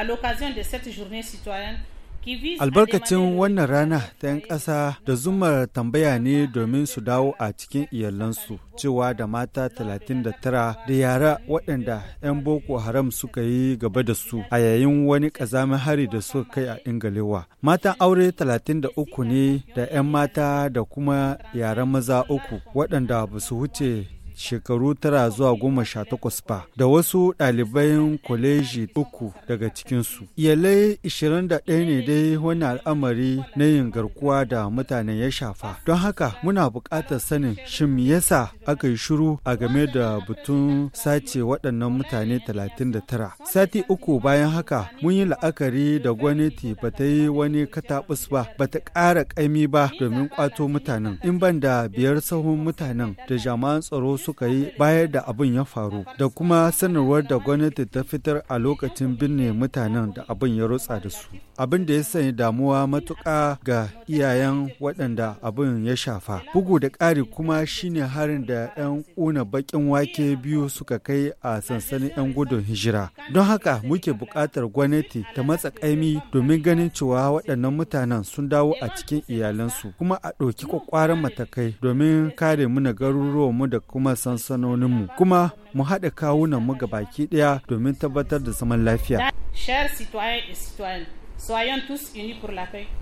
a l'occasion de cette journée citoyenne albarkacin wannan rana ta 'yan ƙasa da zumar tambaya ne domin su dawo a cikin iyalansu cewa da mata 39 da yara waɗanda 'yan boko haram suka yi gaba da su a yayin wani ƙazamin hari da suka kai a ingalewa matan aure 33 ne da 'yan mata da kuma yara maza uku waɗanda ba su wuce shekaru tara zuwa goma sha takwas ba da wasu ɗaliban kwaleji uku daga cikinsu. Iyalai ishirin da ɗaya ne dai wani al'amari na yin garkuwa da mutane ya shafa. Don haka muna buƙatar sanin shin me yasa aka yi shiru a game da batun sace waɗannan mutane talatin da tara. Sati uku bayan haka mun yi la'akari da gwamnati ba ta yi wani katabus ba ba ta ƙara ƙaimi ba domin ƙwato mutanen. In ban da biyar sahun mutanen da jama'an tsaro su suka yi bayar da abin ya faru da kuma sanarwar da gwamnati ta fitar a lokacin binne mutanen da abin ya rutsa da su abin da ya sanya damuwa matuka ga iyayen waɗanda abin ya shafa bugu da ƙari kuma shine harin da 'yan ƙuna baƙin wake biyu suka kai a sansanin 'yan gudun hijira don haka muke buƙatar gwamnati ta matsa ƙaimi domin ganin cewa waɗannan mutanen sun dawo a cikin iyalansu kuma a ɗauki ƙwaƙwaran matakai domin kare mu na garuruwanmu da kuma sansanonin sansanoninmu kuma mu haɗa kawunan mu baki ɗaya domin tabbatar da zaman lafiya.